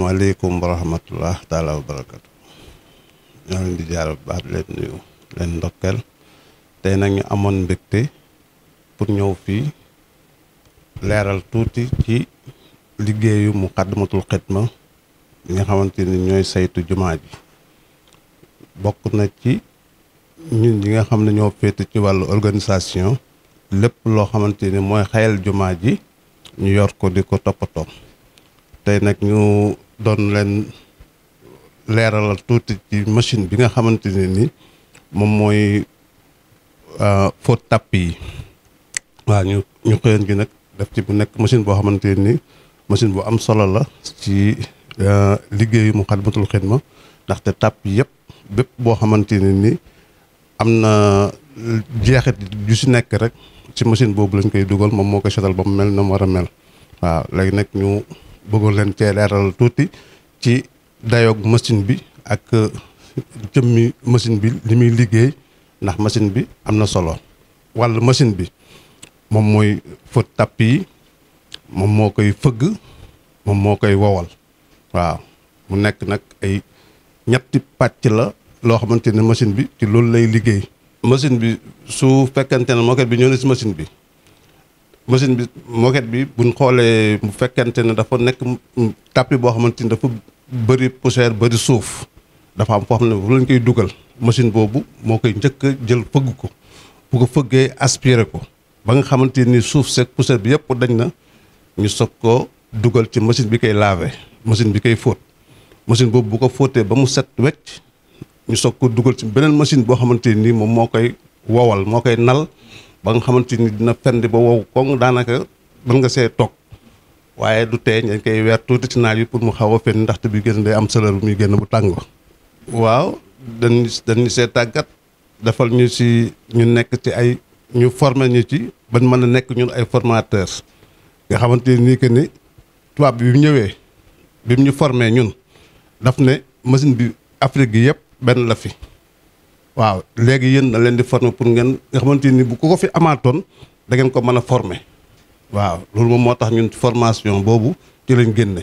asalaamaaleykum wa rahmatullah taala wa barakatu ñoo leen di jaar bu baax leen nuyu leen ndokkeel tey nag ñu amoon mbégte pour ñëw fii leeral tuuti ci liggéeyu Muqaddamatul Xidma bi nga xamante ni ñooy saytu jumaa ji bokk na ci ñun nga xam ne ñoo féete ci wàllu organisation lépp loo xamante ni mooy xayal jumaa ji ñu yor ko di ko toppatoo tey nag ñu doon leen leeralal tuuti ci machine bi nga xamante ne ni moom mooy euh, fóot tàpp yi waaw ñu ñu xëyoon gi nag def ci bu nekk machine boo xamante nii ni machine bu am solo la ci euh, liggéeyu Moukhaddamatoul ma ndaxte tàpp yëpp bépp boo xamante ne ni am na jeexit ju si nekk rek ci machine boobu lañ koy dugal moom moo koy setal ba mu mel na mu war mel waaw léegi nag ñu bëggoon leen cee leeral tuuti ci dayoog machine bi ak euh, jëmmi machine bi li muy liggéey ndax machine bi am na solo wàllu machine bi moom mooy fóot tàpp yi moom moo koy fëgg moom moo koy wowal waaw mu nekk nag ay ñetti pàcc la loo xamante ne machine bi ci loolu lay liggéey machine bi su fekkante ne moquette bi ñoo na si machine bi machine bi moquette bi buñ xoolee bu fekkente ne dafa nekk tapis boo xamante ni dafa bëri poussière bëri suuf dafa am foo xam ne bu lañ koy dugal machine boobu moo koy njëkk a jël fëgg ko bu ko fëggee aspiré ko ba nga xamante ni suuf seeg poussière bi yëpp dañ na ñu soog ko dugal ci machine bi kay laver machine bi koy fóot machine boobu bu ko fóotee ba mu set wecc ñu soog ko dugal ci beneen machine boo xamante nii moom moo koy wowal moo koy nal ba nga xamante ni dina fend ba wow koŋ daanaka mën nga see toog waaye du tee dañ koy weer tuuti ci naaj yi pour mu xaw a fenn ndaxte bi génn day am chaleur bu muy génn bu tàng. waaw dañu dañu see tàggat defal ñu si ñu nekk ci ay ñu former ñu ci bañ mën a nekk ñun ay formateurs nga xamante nii que ni tubaab bi bi mu ñëwee bi ñu former ñun daf ne machine bi Afrique gi yëpp benn la fi. waaw léegi yéen da leen di former pour ngeen nga xamante ni bu ko fi amaatoon da ngeen ko mën a former waaw loolu moom moo tax ñun formation boobu ci lañ génne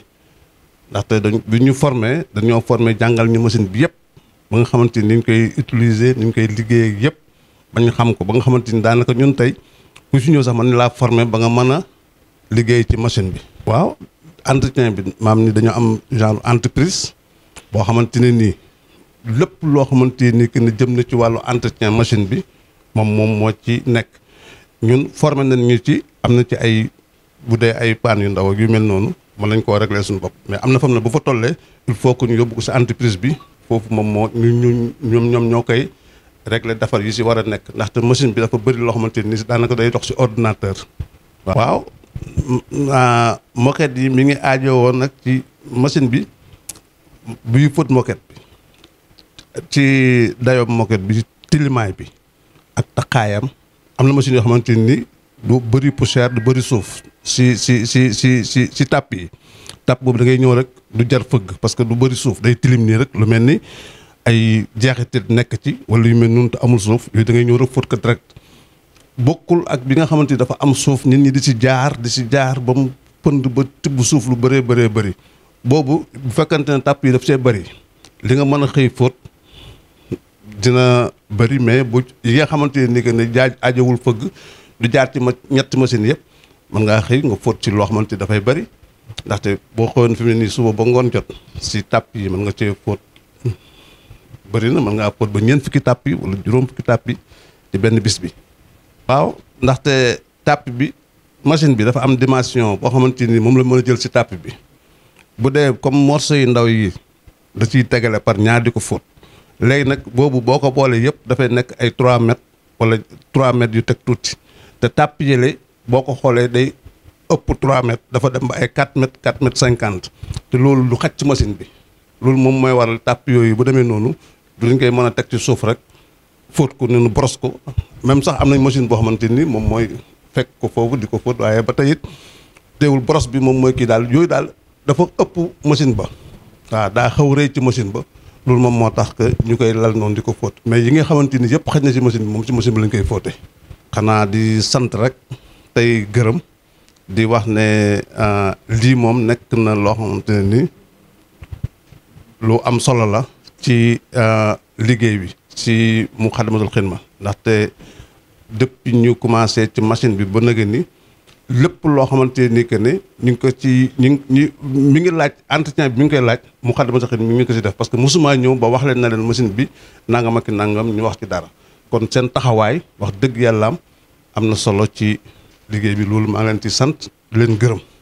ndaxte dañ bi ñu former dañoo former jàngal ñu machine bi yëpp ba nga xamante ni ñu koy utiliser ni ñu koy liggéey yëpp ba ñu xam ko ba nga xamante ni daanaka ñun tey ku si ñëw sax man laa former ba nga mën a liggéey ci machine bi. waaw entretien bi maam ni dañoo am genre entreprise boo xamante ne nii. lépp loo xamante ni que ne jëm na ci wàllu entretien machine bi moom moom moo ci nekk ñun forme nañ ñu ci am na ci ay bu dee ay paan yu ndaw yu mel noonu ma nañ koo régler suñu bopp mais am na fam ne bu fa tollee il faut que ñu yóbbu ko sa entreprise bi foofu moom moo ñu ñu ñoom ñoom ñoo koy regle defar yi si war a nekk ndaxte machine bi dafa bëri loo xamante ni daanaka day dox si ordinateur. waaw ah, moquette yi mi ngi aajo woon nag ci machine bi buy fóot moquette bi. ci dayoob moquette bi tilimaay bi ak taqaayam am na machine yoo xamante ni du bëri poussière du bëri suuf si si si si si si tàpp yi tàpp boobu dangay ñëw rek du jar fëgg parce que du bëri suuf day tilim nii rek lu mel ni ay jeexital nekk ci wala yu mel noonu amul suuf yooyu da ngay ñëw rek fóot ko direct bokkul ak bi nga xamante ni dafa am suuf nit ñi di si jaar di si jaar ba mu pënd ba tibb suuf lu bëree bëree bëri boobu bu fekkante ne tàpp yi daf see bëri nga mën a dina bëri mais bu yi nga xamante ni que ne jaaj ajowul fëgg du jaar ci ma ñetti machines yëpp mën ngaa xëy nga fóot ci loo xamante ni dafay bëri ndaxte boo xoolee fi mu ne nii suba ba ngoon jot si tàpp yi mën nga cee fóot bëri na mën ngaa fóot ba ñeent fukki tàpp yi wala juróom fukki tàpp yi ci benn bis bi. waaw ndaxte tàpp bi machine bi dafa am dimension boo xamante ni moom la mën a jël si tàpp bi bu dee comme morceau yu ndaw yi da ciy tegale par ñaar di ko fóot. léegi nag boobu boo ko boolee yëpp dafay nekk ay 3 mètres wala 3 mètres yu teg tuuti te tàpp yële boo ko xoolee day ëpp 3 mètres dafa dem ba ay 4 mètres 4 mètres 50 te loolu lu xac ci machine bi loolu moom mooy waral tàpp yooyu bu demee noonu duñ koy mën a teg ci suuf rek fóot ko noonu brosse ko même sax am nañ machine boo xamante ni moom mooy fekk ko foofu di ko fóot waaye ba tey it teewul brosse bi moom mooy kii daal yooyu daal dafa ëpp machine ba waaw daa xaw rëy ci machine ba. loolu moom moo tax que ñu koy lal noonu di ko fóot mais yi nga xamante ni yëpp xaj na ci machine bi moom ci machine bi lañ koy fóote xanaa di sant rek tey gërëm di wax ne euh, lii moom nekk na loo xamante ni lu am solo la ci euh, liggéey bi ci Moukhaddamatoul Khidma ndaxte depuis ñu commencé ci machine bi ba nëgë ni lépp loo xamante ni que ne ñu ngi ko ci ñu ngi mi ngi laaj entretien bi mi ngi koy laaj mu xaddama sax mi ngi ko si def parce que mosumaa ñëw ba wax leen na leen machine bi nangam ki nangam ñu wax ci dara kon seen taxawaay wax dëgg yàllaam am na solo ci liggéey bi loolu maa ngi leen ci sant leen gërëm.